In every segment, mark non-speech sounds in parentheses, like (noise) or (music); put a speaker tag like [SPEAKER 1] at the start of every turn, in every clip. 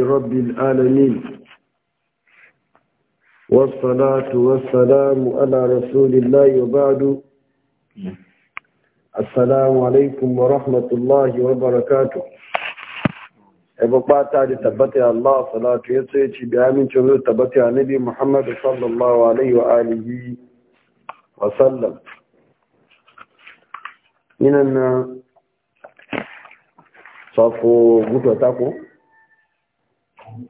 [SPEAKER 1] رب العالمين والصلاة والسلام على رسول الله وبعد السلام عليكم ورحمة الله وبركاته أبو باتا لتبتع الله صلاة يسيتي بآمن شمير تبتع نبي محمد صلى الله عليه وآله وسلم من أن صفو قطوة تاكو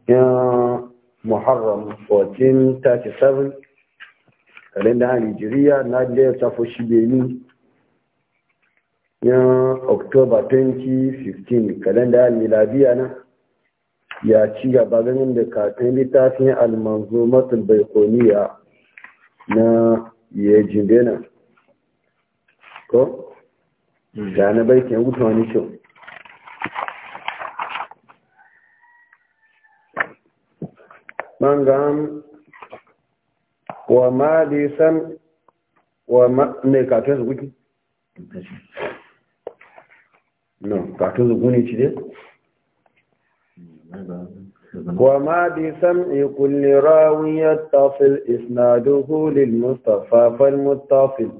[SPEAKER 1] yan muharram 1437 kalenda nigeria na da ta safo shibeni benin october 2015 kalenda miladiya na ya ci gaba ganin da katon littafin almanzo matul baikoniya na yajin ko? da hmm. na baikin wuta wani man gam wa ma di san wa ma ne ka ta zugu ki no ka ta zugu ne ci de wa ma di san kulli rawiya tafil isnaduhu lil mustafa fal mutafil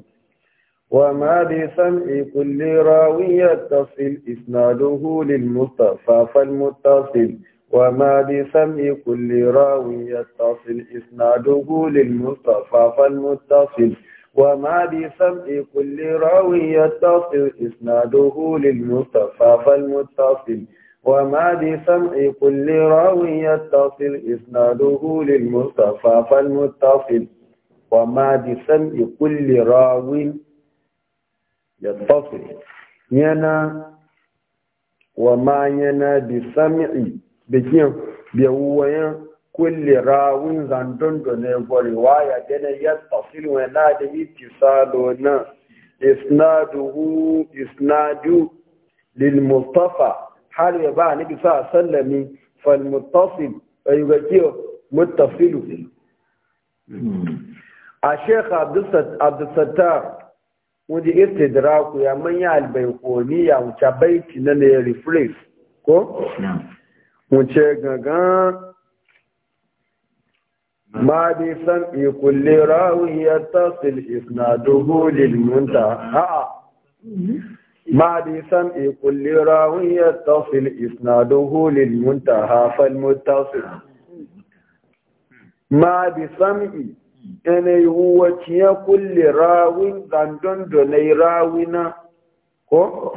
[SPEAKER 1] wa ma di san kulli rawiya tafil isnaduhu lil mustafa fal mutafil وما بسمع كل راوي يتصل إسناده للمصطفى فالمتصل وما بسمع كل راوي يتصل إسناده للمصطفى فالمتصل وما بسمع كل راوي يتصل إسناده للمصطفى فالمتصل وما بسمع كل راوي يتصل ينا وما ينا بسمعي da kiyan da wayan kulli rawun zandon da ne gwari waya gane ya tafsir wa na da ittisalo na isnaduhu isnadu lil mustafa har ya ba ni bisa sallami fal muttasil ayyuka kiyo muttasilu a sheikh abdulsattar wanda istidraku ya manya albaikoniya wuce baiti na ne rephrase ko wuce gagan ma bi san ikulle rahuhi ya tasir isna dubu lilmunta a'a ma bi san ikulle rahuhi ya tasir isna dubu lilmunta hafal mutasir ma bi sami yanayi huwa ciye kulle rahuhi dandon donai rahuhi na ko?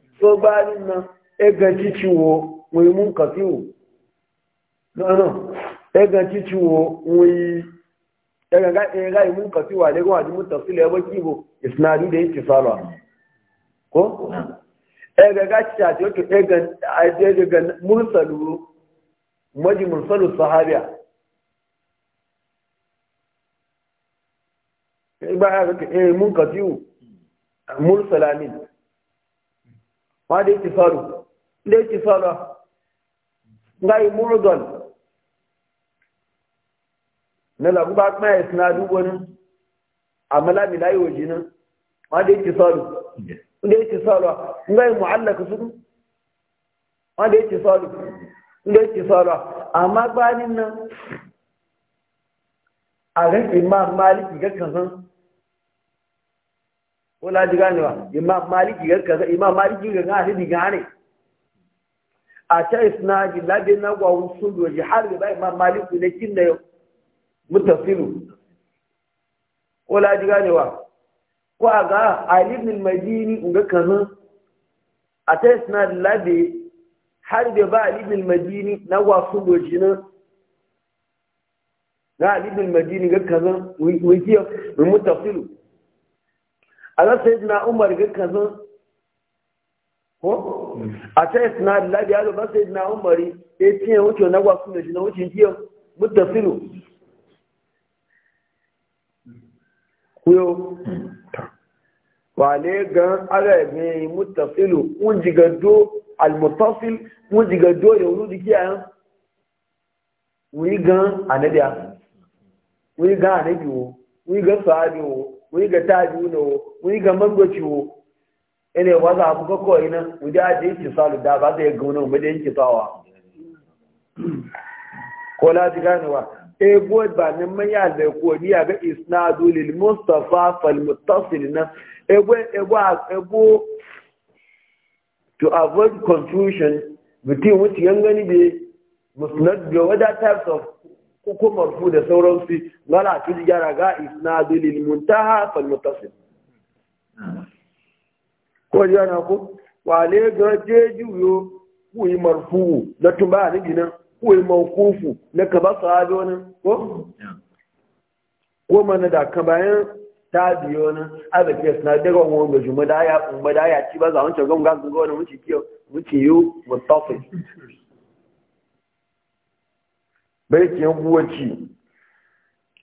[SPEAKER 1] tó bá nínú ẹgbẹ̀ títí wo wọn imú nǹkan sí wò náà ẹgbẹ̀ títí wo wọn yí ẹgbẹ̀ imú nǹkan sí wà lẹ́gbọ́n àti mú tọ̀sílẹ̀ ẹgbẹ́ tí ìbò ìsinadú ti sọ́rọ̀ kó ẹgbẹ̀ gáṣíṣà tí ó tó wọ́n dé ti sọ̀rọ̀ dé ti sọ̀rọ̀ nga ìmúrúdọ̀n nílò kó bá pẹ́ ẹ̀sìn àdúgbò ní àmàlàmìlà ìwòjì ní wọ́n dé ti sọ̀rọ̀ dé ti sọ̀rọ̀ nga ìmú alákùsùn wọ́n dé ti sọ̀rọ̀ dé ti sọ̀rọ̀ àmàgbá nínú àrẹ́fì máa máa lè kìkẹ́ kankan. ko laji ba imam maliki ga kaza imam maliki ga ga hadi gane a ta ji labi na gwa usul waje har ba imam maliki ne kin da wala ko laji ba ko a ga ali ibn madini ga kaza a ta isna labi har da ba ali ibn madini na gwa usul waje na ga ali ibn madini ga kaza wikiyar mutafilu. ala sayyidina umar ga kazan ko a ta isna lillahi ya ba na umar ya ce wuce na gwasu da shi na wuce jiya muddasiru kuyo wale gan ara ebe mutasilu un jigado almutasil un jigado ya wuru jiki ayan wi gan anabiya wi gan anabi wo wi gan sahabi wo mun ga tabi'u na wo mun ga mangoci wo ene waza abu ka koyi nan mu da da yake salu da ba zai ga wannan mu da yake tawa ko la ji ganewa e eh, bod ba nan man ya da ko ni ga isnadu lil mustafa fal muttasil na e bo e go e bo to avoid confusion between which yan gani be musnad ga other types of ko marfu da sauransu mala su jara ga isnadu lil muntaha fal muttasil ko yana ko wale ga juyo ku yi marfu na tuba ni ginan ku yi mawkufu na kaba sahabi wannan. ko ko mana da ka bayan ta biyo nan aza ke suna daga wani ga juma da ya umma da ya ci ba za wancan gonga ga wani wuce kiyo wuce yiwu muttasil baitin guwaci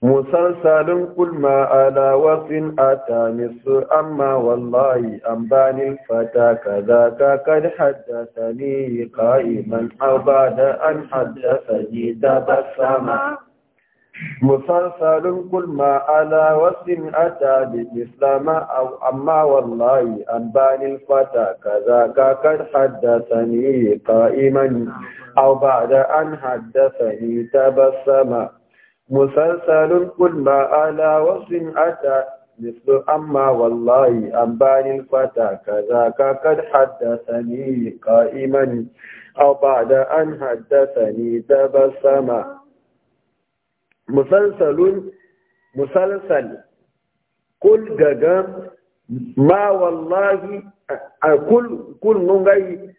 [SPEAKER 1] مسلسل قل ما على وصن أتى مصر أما والله أنباني الفتى كذاك قد حدثني قائما أو بعد أن حدثني تبسما مسلسل قل ما على وصن أتى بالإسلام أو أما والله أنباني الفتى كذاك قد حدثني قائما أو بعد أن حدثني تبسم مسلسل كل ما على وصف أتى مثل أما والله أنباني الفتى كذاك قد حدثني قائما أو بعد أن حدثني تبسم مسلسل مسلسل كل جاجام ما والله كل كل نغي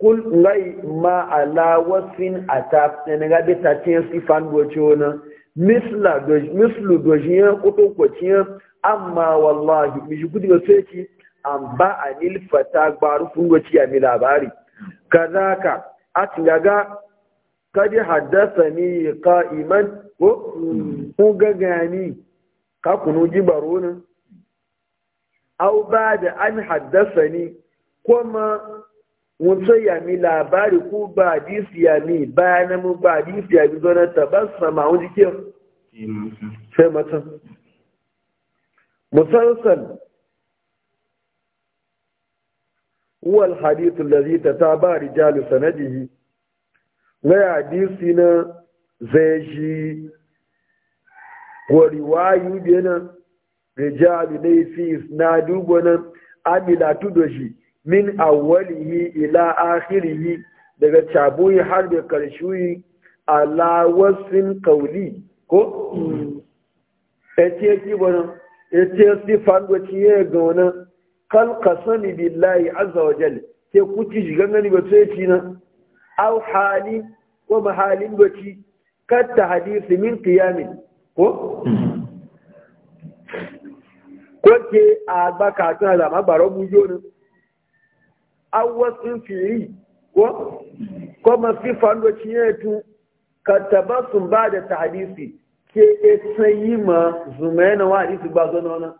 [SPEAKER 1] kul ngai ma ala wasfin atap ne ga si fan go chona misla do mislu do to ko amma wallahi mi shi kudi sai ki ba anil fata gbaru fun go ya mi labari kazaka atigaga kadi haddasa ni qa'iman ko ku hmm. ga gani ka kunu jibaro nan au ba da an haddasa ni kuma Mun ya mi labari ko ba hadisi ya mi bayanan mu ba hadisi ya mi zonar ta ba su sama wani jikin sai mutum musalsal wal hadithu allazi tataba rijalu sanadihi ga hadisi na zai shi wa riwayu bena rijalu ne fi isnadu bana amila tudo shi min awwalihi ila akhirihi daga cabuyi har da karshuyi ala wasin qawli ko yace ki bana yace sifan wace ya ga gona kal qasami billahi azza wa jalla ke kuci shigan gani ba sai ci na aw hali ko mahalin wace kat hadisi min qiyamin ko ko ke a baka tana da magbaro bujo ne awasin fi'i ko kuma sifan da cinye tu kataba sun ba da ta hadisi ke e sayi ma zuma yana wa hadisi ba zo nona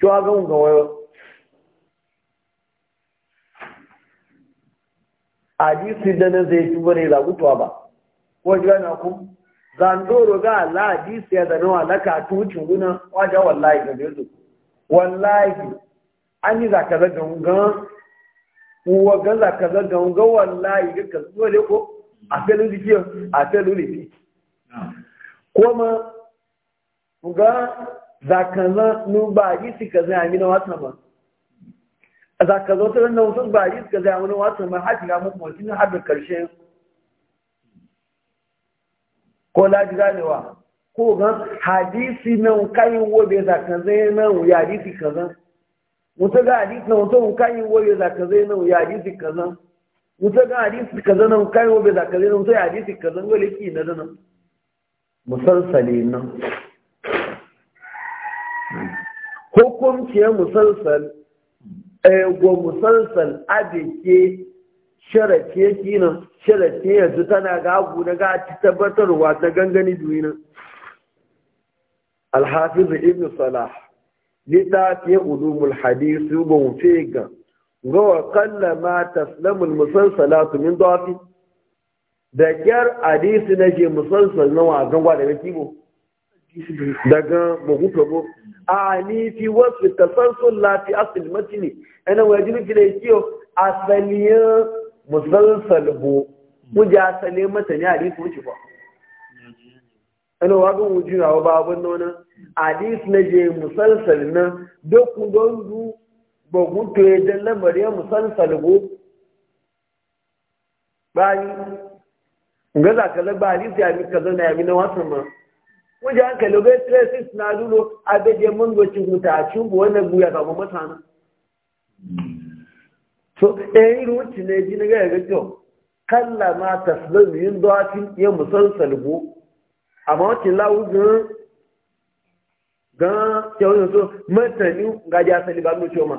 [SPEAKER 1] to a gan ga wayo hadisi da na zai ci bane za gutuwa ba ko ji na ku zandoro ga la hadisi ya zana wa laka tucin guna wajen wallahi ga bezu wallahi an yi zaka zaga gan wa gaza ka zaga ga wallahi ga ka zo ne ko a felin jiki a felin jiki kuma ga zakaza nu ba ji su ka zai amina wata ba zakaza wata ranar wasu ba ji su ka zai amina wata ba haka ga muku mutum har da karshe ko laji ganewa ko ga hadisi nan kayan wobe zakana zai nan ya hadisi kaza wuta ga hadisi na wuta kan yi wabe za ka zai nan ya hadisi kaza wuta ga hadisi kaza nan kan yi wabe za ka zai nan wuta ya hadisi kaza wale ki na nan musalsali nan hukumciyar musalsal ego eh, musalsal abeke sharace kinan sharace yanzu tana gagu na ga ci tabbatarwa ta gangani duniya alhafiz ibn salah littafin ulumul hadisi ga wuce ga ga wa kalla ma taslamul musalsalatu min dafi da kyar hadisi na je musalsal na wa Da daga kibo daga mahuto go a ni fi wasu tasalsul la fi asli matini ana wajibi kida kiyo asaliyan musalsal bo mu ja asali mata ne hadisi wuce ba ana wa gan wujin rawa ba abin nan hadis na je musalsal na duk don du ba gutu ya dalla mariya musalsal go bani ga za ka zaba hadis ya mi kaza zana ya mi na wasan ma wajen hankali lobe tresis na zulo a beje mun gocin huta a cimbo wannan guya ga mamata na so eh irin wacce ne ji na ga ga kyau kalla ma tasbih min dafin ya musalsal go àmọ́ ti láwú gan gan tí ó yóò tó mẹ́tàn ní gajá sẹ́lẹ̀ bá ló tí ó mà.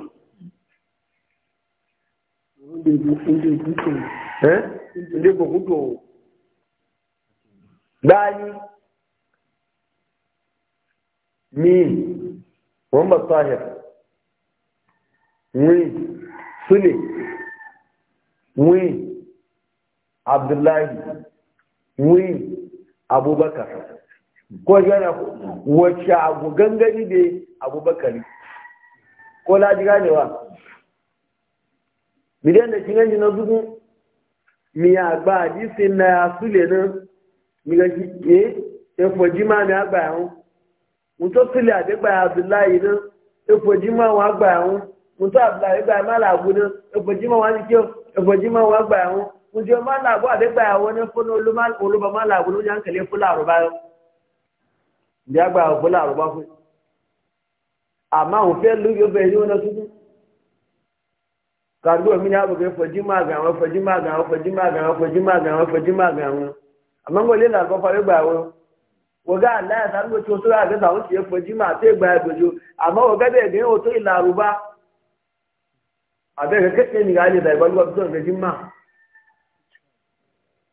[SPEAKER 1] Ndé gbogbo Gbáyé mi wọ́n bá sáyẹ̀ wíìn súlẹ̀ wíìn Abdullahi wíìn. abubakar ko yana wacce abu gangari ne abubakar ko laji ganewa miliyan da cikin jina zuku miya gba hadisi na ya sule nan miga shi ke eh, efoji ma mi agba yawon mutu sule adegba abdullahi nan efoji ma wa agba yawon mutu abdullahi gba mala abu nan efoji ma wa ni kyau efoji ma wa agba yawon kuje malabu abe gba wani fono oluba malabu ló yàn kẹlẹ fúlà àrùbá yọ ìdí àgbà fúlà àrùbá fún àmà òfé lu yóò bẹ yóò náà tuntun kàdúrà mi ní àbùkù fọjú máa gàn wọn fọjú máa gàn wọn fọjú máa gàn wọn fọjú máa gàn wọn fọjú máa gàn wọn àmọ́ ngọ́ ilé làgbọ́ fọwọ́ gbà wọn wọ́gá àláyà sáré tó sórí àgbẹ̀sà ó ti yẹ fọjú máa tó ìgbà ìbòjú àmọ́ wọ́gá bẹ́ẹ̀ gẹ́ òtó ìlà àrùbá àbẹ́rẹ́ kékeré nìkan á lè dà ìbálòpọ̀ tó ń fẹjú máa.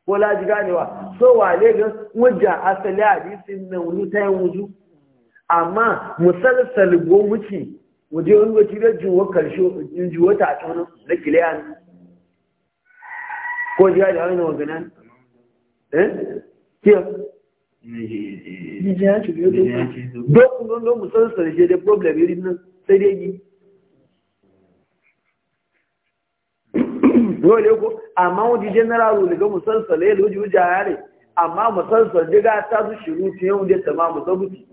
[SPEAKER 1] ko laji ganewa so wale ga wajen asali hadisin na wani ta yin wuju amma musalsal go wuce waje wani wace da juwa karshe juwa ta a tsohon na kiliyan ko jiya da wani waganan eh kiyar jijiya ce da yau dokun don musalsal shi da problem irin nan sai dai yi dole ko amma wani general wani ga musalsal ya loji wuja yare amma musalsal diga ta su shiru ta yau da mu zabuti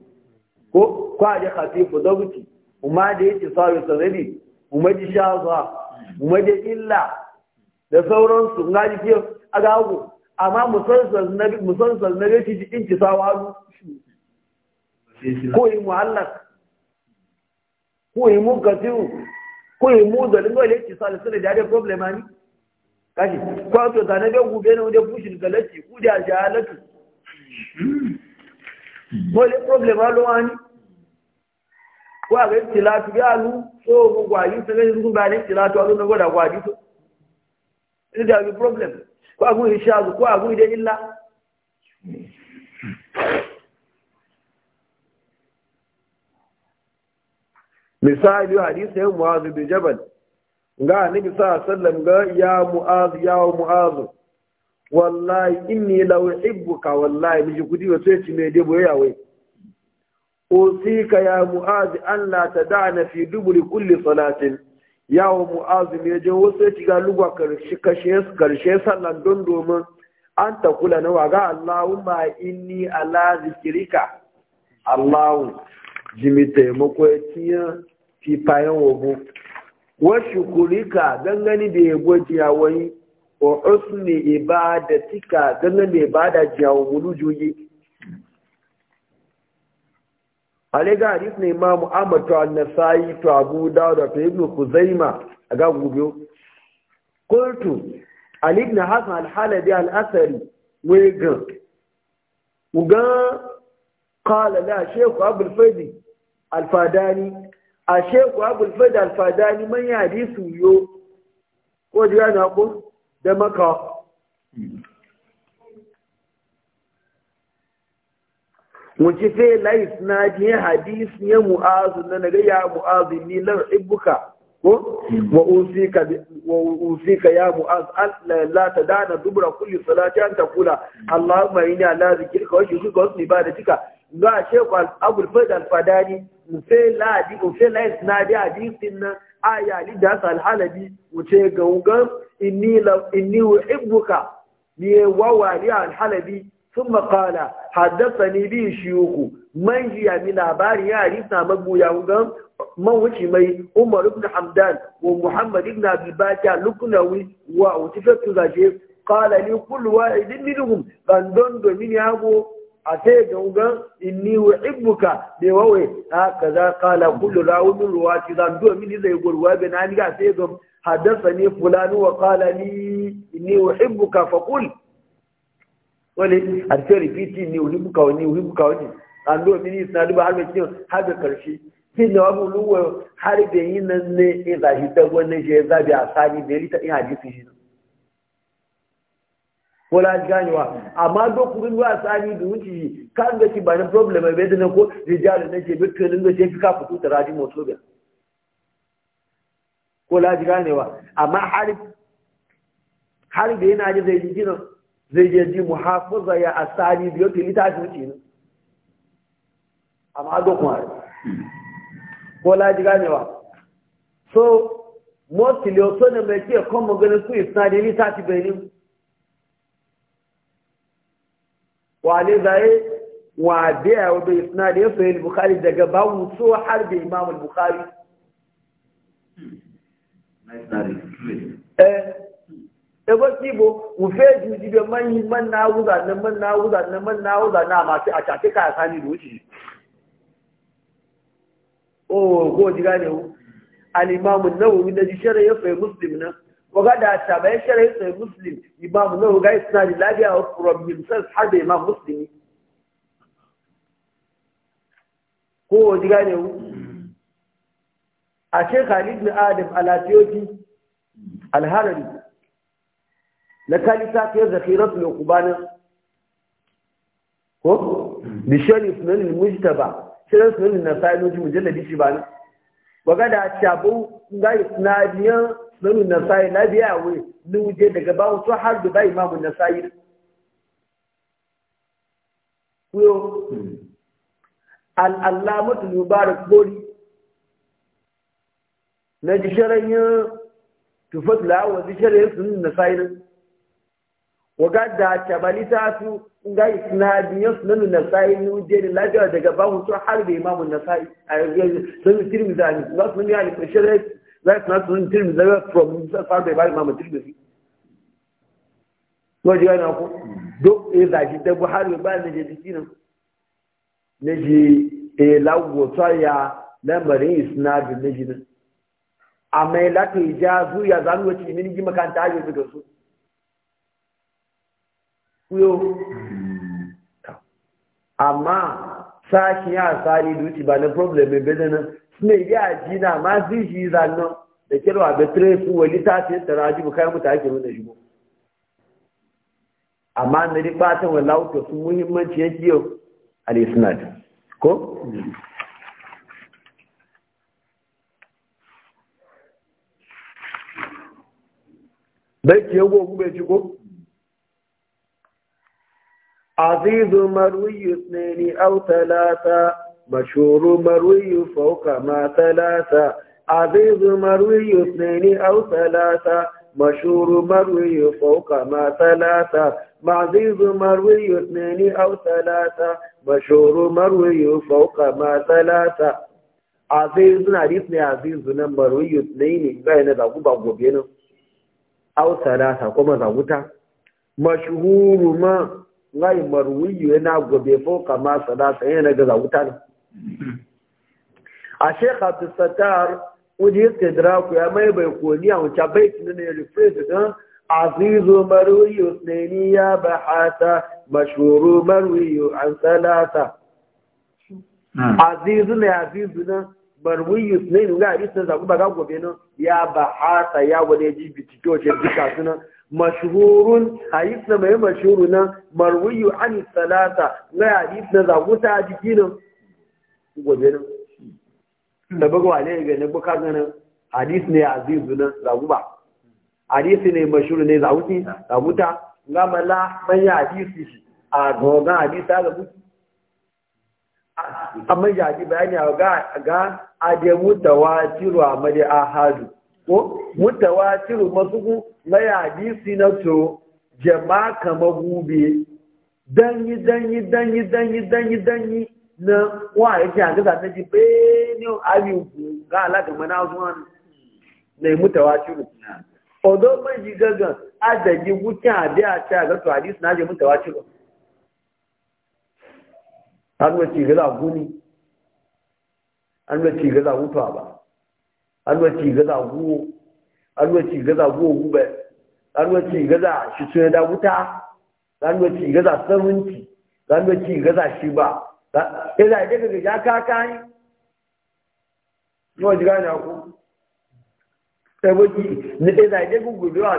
[SPEAKER 1] ko kwa da ku zabuti kuma da yake sawi sanadi kuma ji shafa kuma da illa da sauransu na ji ke a gago amma musalsal na musalsal na gaci cikin kisawa ko yi muallak ko yi mukatu ko yi mudal ngole kisal sanadi da problema ni kashi kwato zane bai gube na wajen fushin galaci ku da jahalatu wani problem alu ne ko a gani tilatu ya lu so ko gwaji ta gani sun bayanin tilatu a na gwada gwaji to ina da wani problem ko a gudun shazu ko a gudun da illa misali hadisi yin mu'azu bin jabal ga annabi sa sallam ga ya mu'az ya mu'az wallahi inni law uhibbuka wallahi miji kudi wa sai ci de debo yawe usika ya mu'az an la tad'ana fi dubul kulli salatin ya mu'az ne je wasu ci ga lugwa karshe kashe karshe sallan don domin an ta kula na waga Allahumma inni ala zikrika Allahu jimi taimako ya tiya fifayen wogun wasu kurika gangani da ya gwaji wa husni ibadatika gangani da ibada jawon wulu juyi alega hadith ne imamu ahmad to an-nasai to abu dawud to ibnu kuzaima aga gubiyo qultu ali ibn hasan al-halabi al-athari wega uga qala la shaykh abu al-fadi al-fadani ashe ku abul alfada ni man ya hadisu yo ko ji na ko da maka wuce sai lais na ji hadis, ya mu'azu na naga ya mu'azu ni lar ibuka ko wa usika wa usika ya mu'az la tadana dubra kulli salati an taqula allahumma inna la zikrika wa shukrika wa ibadatika ga sheku abul fadl al-fadani ufe ladi ufe lais nadi hadisin nan aya li da al-halabi wuce ga ugan inni la inni uhibbuka ni wawa li al-halabi thumma qala haddathani bi shuyukhu man ji ya labari ya hadisa mabuya ugan man wuce mai umar ibn hamdan wa muhammad ibn abi bakr luknawi wa utifatu zaje qala li kullu wahidin minhum kan don domin yago a sai ga ugan inni wa ibbuka da wawe a kaza kala kullu ruwa ruwati zan duwa mini zai gurwa bin ani ga sai ga haddasa ne fulani wa kala ni inni wa ibbuka fa kul wani a sai ripiti ni wani buka wani wani buka wani an duwa mini suna duba har mai kiyon har da karshe sai da wabu luwa har da yi nan ne ya zashi ta wannan shi ya zabi a sani da ya rita in hadisi shi ko la ganewa amma dokurin ruwa sani da wuce kan ga ci ba na problem bai da nan ko rijalu na ce bikin nan da ce fi ka fito da radi motobiya ko la ganewa amma harif harif da yana ji zai ji gina zai je ji muhafaza ya asani biyo ke ita ji wuce ne amma dokun harif ko la ganewa so mostly o so ne mai ce kuma ganin su isnadi ni ta ci bai ne wale zaye wa biya wa bai suna da ya sayi bukari daga babu so har da imamul bukari ɗaba bo wufe juji bai manyi man na wuza na man na wuza na man na wuza na masu a shafi ka sani da wuce oh ko ji gane hu alimamun nawawi da ji shari'a ya sayi muslim na koga da taba ya shara yi tsaye musulmi imamu na hulga suna da lafiya a from himself har da imam musulmi ko wani gane wu a ce khalid na adam a lafiyoji alharari na kalisa ta yi zafira su yau kubanin ko da shani sunanin mujita ba shirin sunanin na sayanoji mujalladi shi ba ne Waga da shabu ga yi sinadiyan mamun nasayi labiya a ni wuje daga bawon sun har dubai mamun nasayi kuyo al'allamatu mubarak bori na ji sharayin tufat la'awa ji sun nasayi nan waga da cabali ta su ga isnadiyar sunan nasayi ni wuje da daga bawon sun har da imamun nasayi a yanzu sun ne láti náà tún tírìmì lẹ́wẹ́ from sáfàbẹ̀ báyìí máa mọ̀ tírìmì sí wọ́n jẹ́ ẹ̀nà ọkọ̀ dó èèlà ìṣẹ́tẹ́ buhari báyìí lè jẹ́ sí náà lè jẹ́ èèlà wòtọ́ ya lẹ́mọ̀rin ìsinadù lè jẹ́ náà àmọ́ èèlà tó ìjà ya zanu wọ́n ti ní ní jimaka ta ayé òdodo so kúyó àmọ́ sáà kí á sáà ní ìlú ti bá ní mai ya ji na ma zai shi zannan da kirwa da tresu wani ta ce tara ji bukai mutu ake nuna shigo amma na dai fatan wala wuta sun muhimmanci ya kiyo al-isnad ko bai ki yago ku bai ci ko azizu marwi yusnani aw talata مشهور مروي فوق ما ثلاثة عزيز مروي اثنين أو ثلاثة مشهور مروي فوق ما ثلاثة معزيز مروي اثنين أو ثلاثة مشهور مروي فوق ما ثلاثة عزيز حديث ne عزيز مروي اثنين بين zagu ba gobe أو ثلاثة كما kuma مشهور ما غير مروي ينا yana gobe ما ثلاثة ينا yana ga zaguta a sheikh abdulsattar wani yake draku ya mai bai koniya wuce baiti na ne rephrase don azizu marwiyu tsini ya hata mashuru marwiyu an salata hmm. azizu ne azizu na marwiyu tsini ga abin sun zaɓi ga gobe nan ya hata ya wani ji bitikyo ce duka su nan mashhurun hadisi na mai mashuru nan marwiyu an salata ga hadisi na zaɓi ta jiki nan gobe nan da bugwa ne ga na buka ganin hadis ne azizu na zaguba hadisi ne mashuru ne zaguti zaguta ngama la manya hadisi shi a gogan hadisi ga buki amma ya ji bayani ga ga ade mutawatiru amade ahadu ko mutawa mutawatiru masuku na hadisi na to jama'a kama gube danyi danyi danyi danyi danyi danyi na wa ya ce hanga zata ji benin ga alaƙa mana zuwa na yi mutawa shiru odo mai ji gaga adadi wucin abi a ce a gasu na je mutawa shiru an ga ci gaza guni an gaza ba gaza guwo gaza guwo gube gaza shi wuta gaza gaza shi Eza ide ga gị aka aka anyị. N'o jiga anya kwu. Ebe eza ide ga gudu a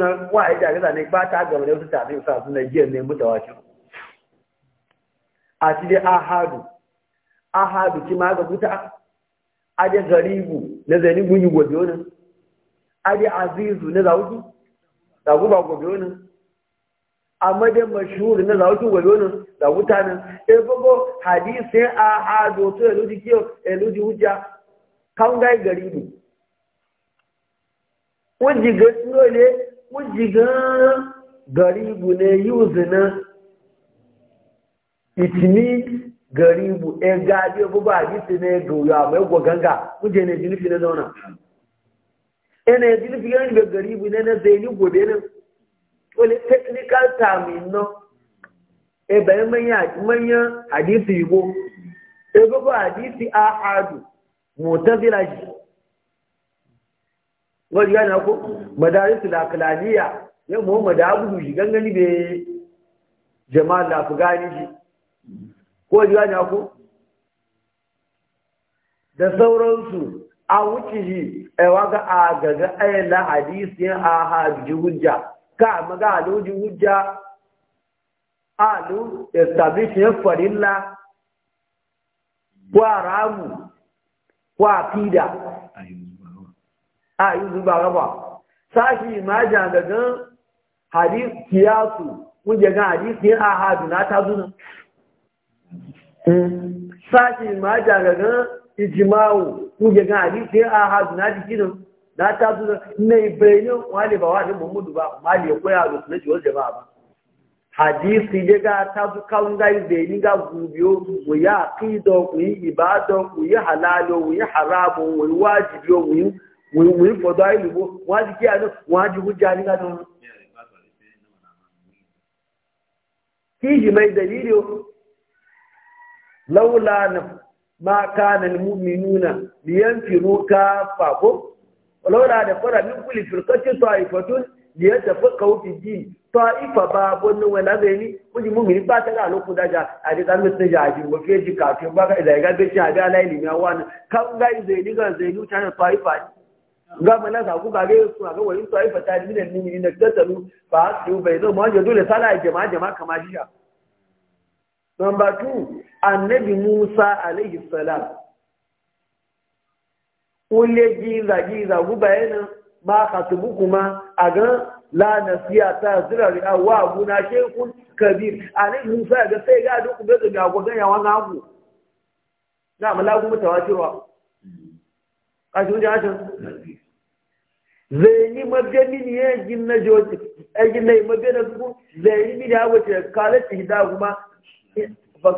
[SPEAKER 1] na wa ida ga zane ba ta gaba da wasu tafi sa suna jiya ne mutawa ci. A ci ahadu. Ahadu kima ma ga buta. Aje garibu na zani gunyi gobe wani. Aje azizu na zawuki. Zagu amma na da mutanen eh, a hado to eluji kiyo eluji hujja kan gai gari ne wuji ga dole wuji ga ne yuzu na itini garibu e gadi ko ba hadisi ne ga ya mai go kuje ne na zauna ene ga ne na zai ni gobe ne wani technical term no ebe manyan hadisi igbo ebe ba hadisi ahadu mutazila shi wani yana ku madarisu da kalaniya ya da Abudu shi gangani bai jama'a da afghani shi ko yana ku da sauransu a wuce shi a waga a gaga ayyana hadisi a hajji hujja ka maga aloji hujja alu establish ya farilla ko ramu ko afida a yi zuba raba sashi ma jangagan hadis kiyasu kuje ga hadis ne ahadu na ta zuna hmm. sashi ma jangagan ijimawu kuje ga na na ta zuwa na ibrahim wani ba wani mudu ba mali ya koya na sunan jama'a ba hadisi ne ga ta zu kawun ga ni ga gubiyo mu yi aqido mu yi ibado mu yi halalo mu yi haramo mu yi wajibiyo mu yi fodo ayilubo wọ́n Lauraden fara min kuli tun kacce taushe tun da ya tafi kofi jin da taushe taushe ta bano wanda zan yi kuma ina kuma ina fatarra alokunta ajiye da tafi masu mafi mafi ake tafi ake tafi ake tafi ake kule giza giza guba yana ma katubu kuma a ga la na siya ta zira riya wa guna kun kabir a nan musa ga sai ga duk bai ga ga ganya na abu na mala ku mutawajirwa kashi mun jahatan zai ni magani ne ya gin na joti ai gin nai na ku zai ni mini da wace kalati da kuma e,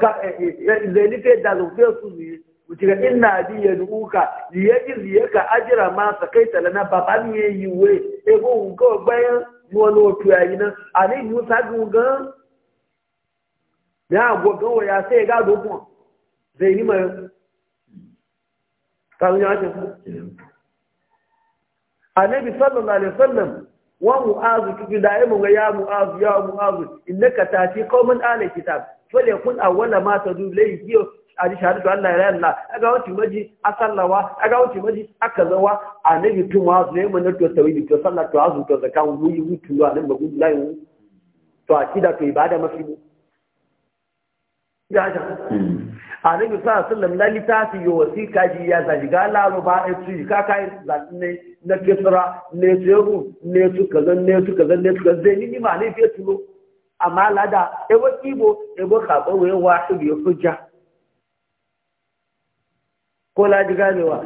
[SPEAKER 1] e, e, zai ni fe da zuwa su ne wuciga inna bi e ya duka liyaji liyaka ajira ma tala na. baba E, ko ego ngo gbayan ni wani otu yayi nan ani musa gungan ya gogan ya se ga dogon ze ni mai kan ya ce annabi sallallahu alaihi wasallam wa mu'azu da'i mu ga ya mu'azu ya mu'azu innaka tati qauman ala kitab kun awwala ma tadu layhi a ji shahadatu Allah ya Allah aga wuce maji a sallawa aga wuce maji aka zawa a nabi tuma su ne mun to tawili to sallah to azu to zakan wuyi wutu a nan bagu layu to akida to ibada mafi mu gaja a nabi sallallahu alaihi wasallam lalita fi yo ka ji ya ji ga laro ba ai su ka kai ne na kisra ne su ne su kazan ne su kaza. ne su kazan ni ma ne fiye tulo amma lada ebo kibo ebo kabo we wa su biyo e hujja ko laji ganewa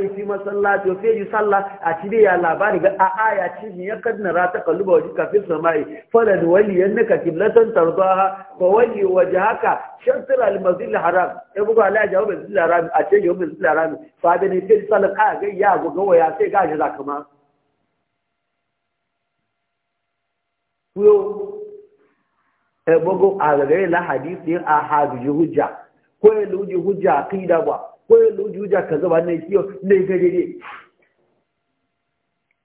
[SPEAKER 1] yi fi masallaci wa feji sallah a cire ya labari ga a aya ce ya kadina ra ta kalluba waje kafin samai fara da wani wali yannaka kiblatan tardaha fa wali wajhaka shatr al masjid al haram ya buga ala jawo mai zila haram a ce yau masjid al haram haɗe ne feji sallah ka ga ya go waya sai ga ji zakama kuyo e bogo a ga la hadisi a hadu hujja ko ya luji hujja aqida ba ko ya ja ka zaba ne kiyo ne gare ne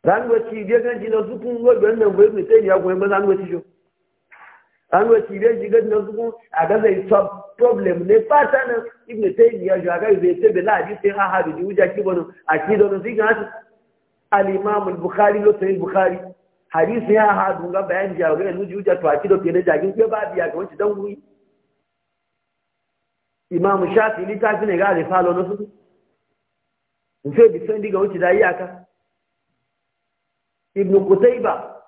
[SPEAKER 1] ranwaci ga kan su kun go wajen nan bai mutai ya go goyi ba ranwaci jo ranwaci dai ji ga gadi su kun a ga zai sub problem ne fata nan ibn taymiya jo ga zai ce bela ji sai ha ha ji uja ki bono a ki akido no zigan al-imam al-bukhari lo sai bukhari hadisi ya ha dunga bayan ji ga luju ja to do ke ne jagin ke ba biya ga wancan dan wuri imamu shafi littafi ne ga alifalo na suku nufe bisan diga wuce da iyaka ibn kutaiba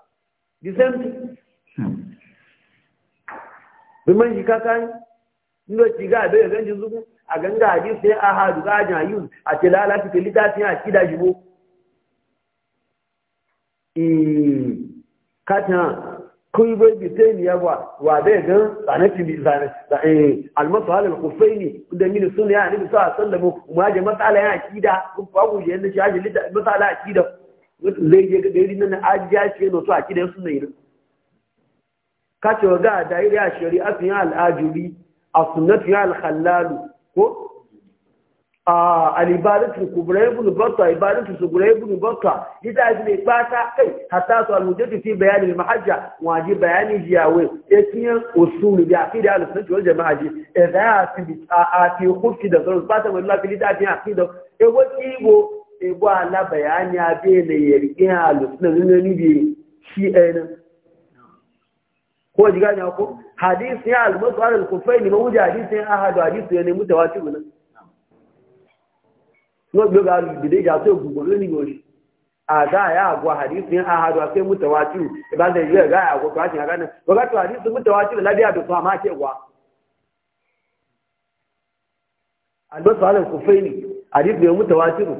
[SPEAKER 1] disemti hmm. biman shi kakani inda ci ga abe yanzu zuku a ganga hadis sai a hadu ga ajiyar yi a ce lalata ta littafi a kida jibo katina kun bai bitai ya ba wa da ya gan tsanaki bi zane eh, almasu halin kufai ne da mini suna ya nabi sa sallamu ma je matsala ya akida kun fagu je yanda shi haji lita matsala akida zai je ga gari nan ajiya shi yana to akida sun ne irin ka ce wa ga da iri a shari'a sun yi al'ajuri a sunnatu ya al-khallalu ko alibaritu kubra ibn batta ibadatu sugura ibn batta ita ji ne bata kai hatta su almujaddi fi bayan almahajja waji bayani jiyawe etiyan usul bi aqida al-sunnah wal jamaa ji idha e fi bi'ati khufti da zuru da fi aqida e wati e bo e ala bayani abe ne al-sunnah ne ni bi shi ainin ko ji gane ko hadisi al-musal al-kufaini mawuja hadisi ahadu hadisi ne mutawatir ne wọ́n gbé ga dìde ìjà tó gbogbo lónìí òṣì àdá àyà àgọ́ àdìsí ahadu àti mútawátìrù ìbáṣẹ ìlú ẹ̀gá yi tó àti àgá náà bọ́gá tó àdìsí mútawátìrù lábẹ́ àdùkọ́ àmà àti ẹ̀wà. àdìsí alẹ́ kò ni àdìsí ẹ̀ mútawátìrù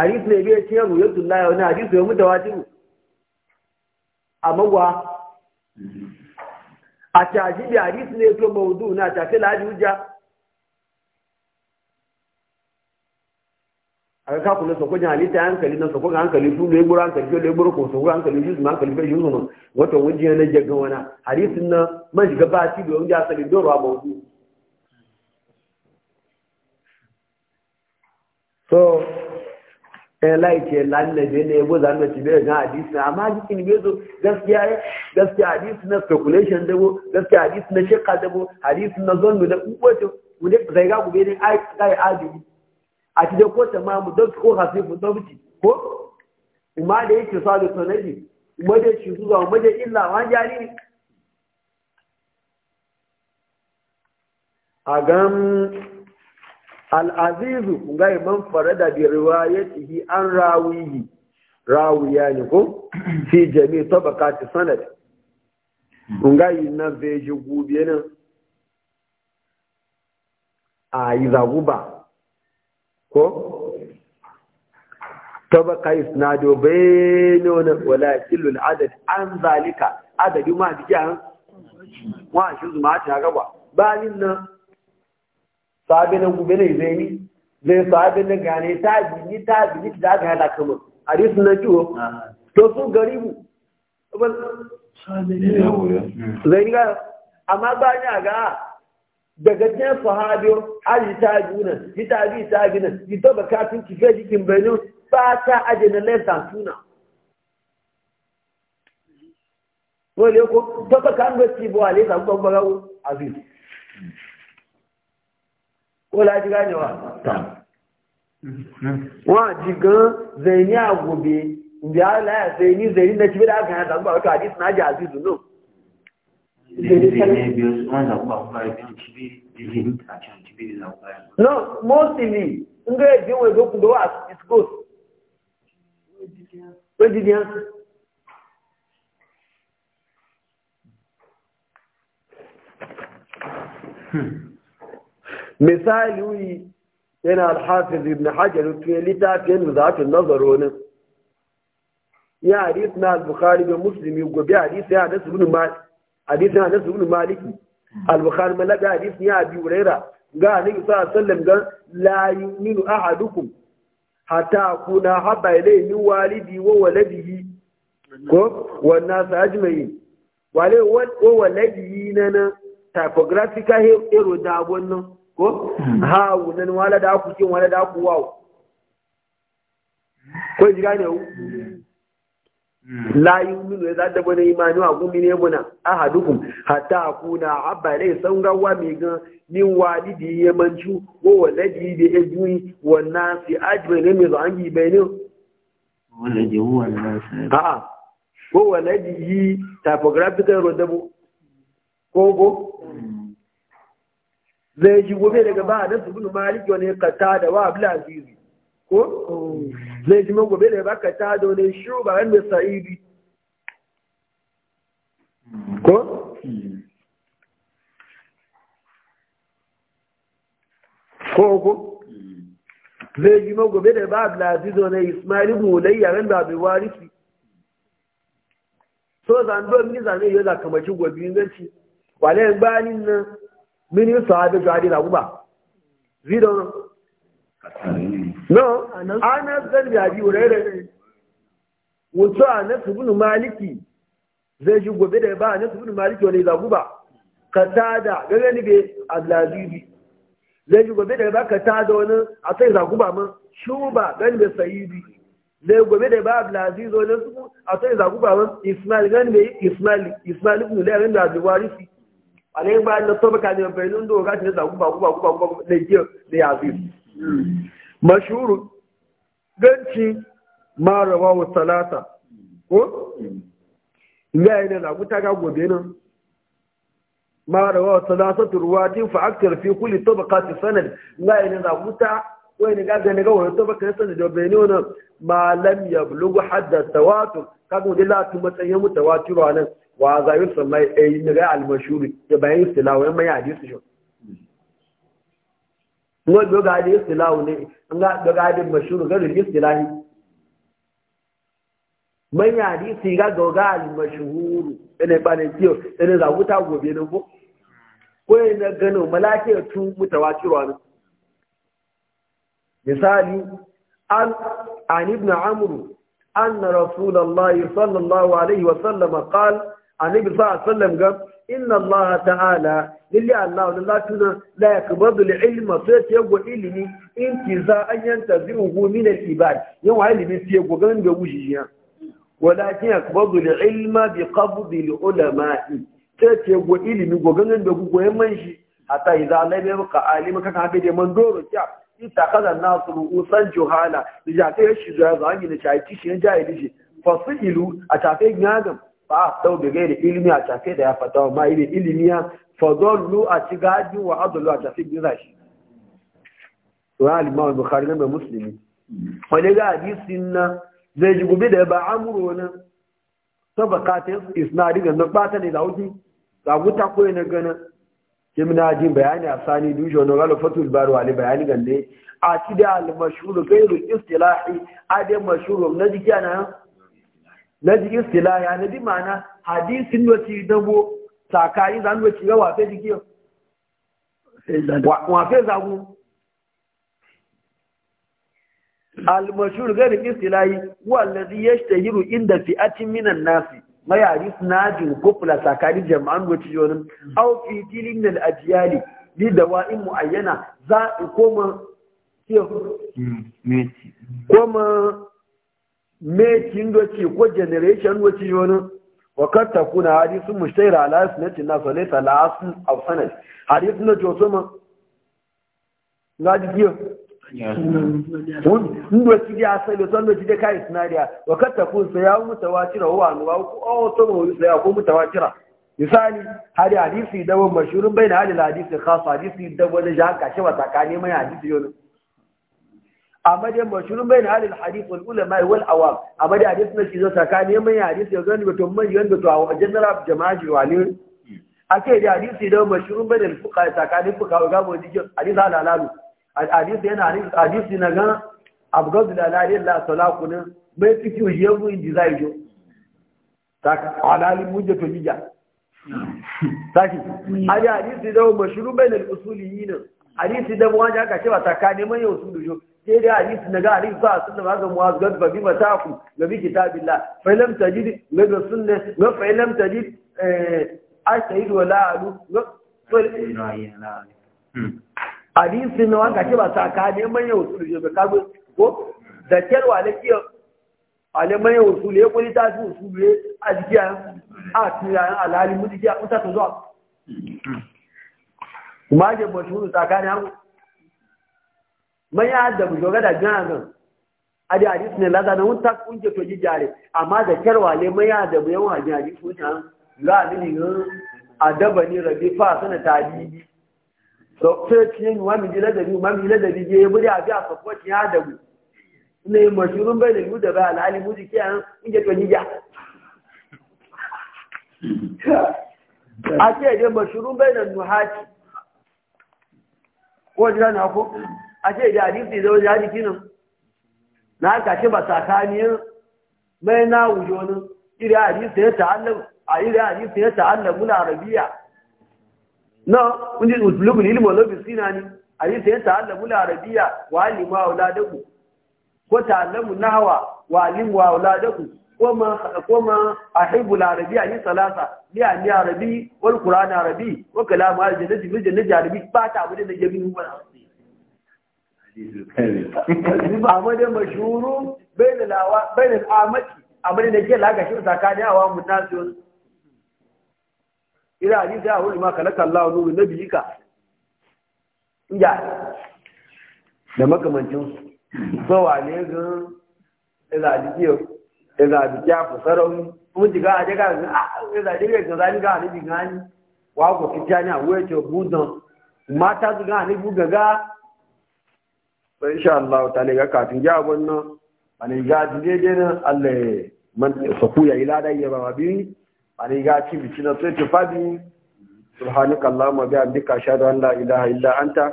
[SPEAKER 1] àdìsí ẹ̀bí ẹ̀kí na yóò ya láyọ̀ ní àdìsí ẹ̀ mútawátìrù. aka ka kula sokojin halitta hankali na sokojin hankali su ne gburu hankali fiye da gburu ko sokojin hankali shi su hankali fiye shi su wata wajen na jagan wana hadisin na man shiga ba ci da wani asali don ruwa bautu so ɗan eh, laice lallabe ne yabo za mu ci bai ga hadisi amma jikin bai zo gaskiya gaskiya hadisi na speculation dabo gaskiya hadisi na shekka dabo hadisi na zonnu da kuɓoto wanda zai ga ku bai ne ai ajiyu àti jẹ́ kó ko, àmú mu kó ko ma da yake sa da ìtìsọ́ ma da shi zuwa ma da illa wa jẹ́ agam al al'azizu ga iman farada bi riwayatihi an rawihi rawiya ne ko fi jami tabakati sanad nga na veji gubi a yi zaguba ko tabaka isnado bayno na wala kilul adad an zalika adadi ma dike an wa shi zuma ta gaba bayin nan sahabi nan gube ne zai ni zai sahabi nan gane ta jini ta jini da ga hada kuma hadis na ciwo to su garibu zai ni ga amma ba ni ga daga cikin sahabiyo aji ta gina, ji ta ji ta gina ji ta bakatun kife jikin benin ba ta aje na lenta tuna. wale ko ta bakan ba ci bo ale san gbogbo rawo aziz ko la ji ganewa ta wa ji gan zaini agobe mbi ala zaini zaini na ci bi da aka hada ba wato hadisi na ji azizu no No, mostly, we go kudo as it goes. Where did answer? Misali ina yana al-Hafiz ibn Hajar ke littafin muzatun nazaronin. Ya hadith na al-Bukhari da musulmi gobe hadith ya hadith ibn hadisin Anas ibn Malik al-Bukhari man laga hadisin ya Abi Huraira ga Annabi sallallahu alaihi wasallam ga la yu'minu ahadukum hatta kuna habba ilayhi walidi wa waladihi ko wannan sa ajmai wale wa waladihi nan typographical error da wannan ko ha wannan wala da ku kin wala da ku wawo ko ji gane Mm. la yu'minu ya zada bana imanu a gumi ne bana ahadukum hatta kuna abba ne san gawa mai gan min walidi yamancu ko waladi bi ajui wa juyi ajma ne ajiye ne mai waladi huwa bai ne ko waladi yi typographical rodabo ko ko mm. zai shi gobe daga ba nan su bin maliki wani kata da wa abdul azizi ko oh. zai ji gobe da ya baka ta dole shugaban da sa'idi hmm. hmm. ko ko ko hmm. zai ji gobe da ya ba abdulaziz ne ismail ibn ulayya ran da bai warisi so zan do mini zane yau da kamaci gobe ganci wale gbanin nan mini sahabi gadi da guba zidon No, Anas zan jaji ne. wato Anas ibn Maliki zai shi gobe da ba Anas ibn Maliki wani zagu ba Katada ga ni be Abdulaziz zai shi gobe da ba Katada wani a sai zagu ba mun Shuba gani be Sayyidi zai gobe da ba Abdulaziz wani su a sai zagu ba mun Ismail gani be Ismail Ismail ibn ran da Abdulwarisi alai ba na tabaka ne bayin do ga zagu ba ku ba ku ba ku da yake Aziz mashuru ganci ma rawahu talata ko yi yana da ta ga gobe nan ma rawahu talata ruwatin fa aktar fi kulli tabaqati sanad ga yana da guta wani ga ga ga wani tabaka sanad da bai ne wannan ma lam yablughu hadda tawatur kaga dilla tu matsayin mutawatir nan wa zayul samai ayi eh, ga al mashhur da bayan istilawa mai hadisi shi ngo doga da istilahu ne nga doga da mashuru ga rin istilahi man ya di si ga doga al mashhuru ene bane tiyo ene za wuta gobe ne ko ko ene gano malaki tu mutawakirwa ne misali an an ibn amru anna rasulullahi sallallahu alaihi wa sallam qala an ibn sallallahu alaihi wa sallam inna Allah ta'ala lilli Allah da tuna la yakbadu li ilma sai ta yago ilimi in za an yanta hu min al-ibad yan wa ilimi sai yago gan da wuji ya walakin yakbadu al-ilma bi qabdi li ulamai sai ta yago ilimi go gan da go yan man shi hatta idza labe ka alima kaka haɗe de man doro kya ita kaza nasu usan juhala da ya ta shi zuwa zangi da shi shi jahili shi fasilu a tafe Adam. Ba a sau da gaira ilimi a tafi da ya fata ma ile ilimiya fadollu a ci gaji wa adollu a tafi gina shi wa alimawa bukari na mai musulmi wani ga hadisi na zai ji gobe da ba amuro na sabakatin isnadi ga nubata ne da wuce ga wuta koyi na gana kimina jin bayani a sani dujo na galo fatul baro ali bayani gande a ci da al-mashhur ghairu istilahi ade mashuru na jiki na na ji istila ya na bi ma'ana hadisin wacce dabo sakari za mu wacce ga wafe jiki wafe zagu almashur gari istilahi wallazi yashtahiru inda fi'atin minan nasi mai hadis nadi kufla sakari jama'an wacce jonin aw fi dilin al ajyali li dawa'in muayyana za ko ma ko ma mekin doce ko generation wace wani wakar ta kuna hadisun mushtaira ala sunatin na salata la asun a sanad hadisun na joto ma na jikiyo ndoci da asali wasu ndoci da kai sinariya wakar ta kun sai ya mutawatira wa anuwa ko o oh, to mu sai ya ko mutawatira misali hadisi da wani mashurin bai hadisi khas hadisi da wani jihar shi wata kane mai hadisi yau amma mashirin bai na halil hadith wal ulama wal awam amma dai hadith na shi zo tsakani ya hadith ya gani to man yanda to a general jama'a a ke da hadisi mashirin bai na fuka tsakani fuqa ga mu dikin hadith halalu hadith yana hadith na ga abgadu la ilaha sallahu ne mai fiki yabu inji zai jo tak mujja to bija bai na hadisi da wani aka cewa tsakanin mai yau sun dujo sai dai hadisi na ga hadisi ba sunna ba ga muwaz ga ba bi ku ga bi kitabillah fa lam tajid ga ga ne ga fa lam tajid eh ashhadu wala alu ga hmm. hadisi na wanka aka cewa tsakanin mai yau sun dujo ga kago ko da kyarwa da kiyo alemai usulu ya kuli ta su usulu a jikiya a tunayen alhali mu jikiya ta zuwa hmm. kuma ake bashuru tsakanin hagu man ya hadda mu shoga da jina nan adi hadis ne laza na wuta kunje to ji jare amma da kyarwa ne man ya hadda mu yawan hajji hadis wuta an la ni a adaba ni rabi fa sana tabi so sai cin wa mi jila ladabi, ma mi jila da bi je buri abi a ya cin hadda mu ne mashurun bai da yuda ba alali mu jike an kunje to ji ja a (laughs) ce dai mashurun bai da nuhati ko jira na ko a ce da hadisi zai wajen hadisi nan na haka shi ba tsakaniyar mai na wujo nan iri hadisi ya ta'allam a iri hadisi ya ta'allam na arabiya na kunji usulubul ilimin wal sina ne hadisi ya ta'allam na arabiya wa alima wa ladaku ko ta'allamu nahwa wa alim wa ladaku koma koma ahibu larabi ani salasa bi ani arabi wal qur'an arabi wa kalam al jannati bi jannati arabi ba ta bude da jabi mun wala hadisi ba amma da mashuru bain lawa bain amati amma da ke laga shi awa mutasiyon ila hadisi ya hulu ma kalaka allah nu nabiyika ya da makamancin sawane ga ila hadisi ẹ̀zà àdìkí àfọ̀sọ́rọ̀ ń mú jìgá àdéga ẹ̀zà àdéga ìgbàlá nígbà níbi gan ni wà á kò fi tí a ní àwọ̀ ẹ̀tì ọ̀gbùn dàn má tájú buga ga. gàgá. insha Allah ta ne ga kafin ya abun nan a ne ga ji daidai nan Allah ya man saku ya ilada ya ba biyu a ne ga ci bici na sai tufa biyu subhanaka Allahumma bi hamdika ashhadu an la ilaha illa anta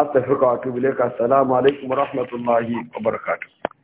[SPEAKER 1] astaghfiruka wa atubu ilaika assalamu alaikum wa rahmatullahi wa barakatuh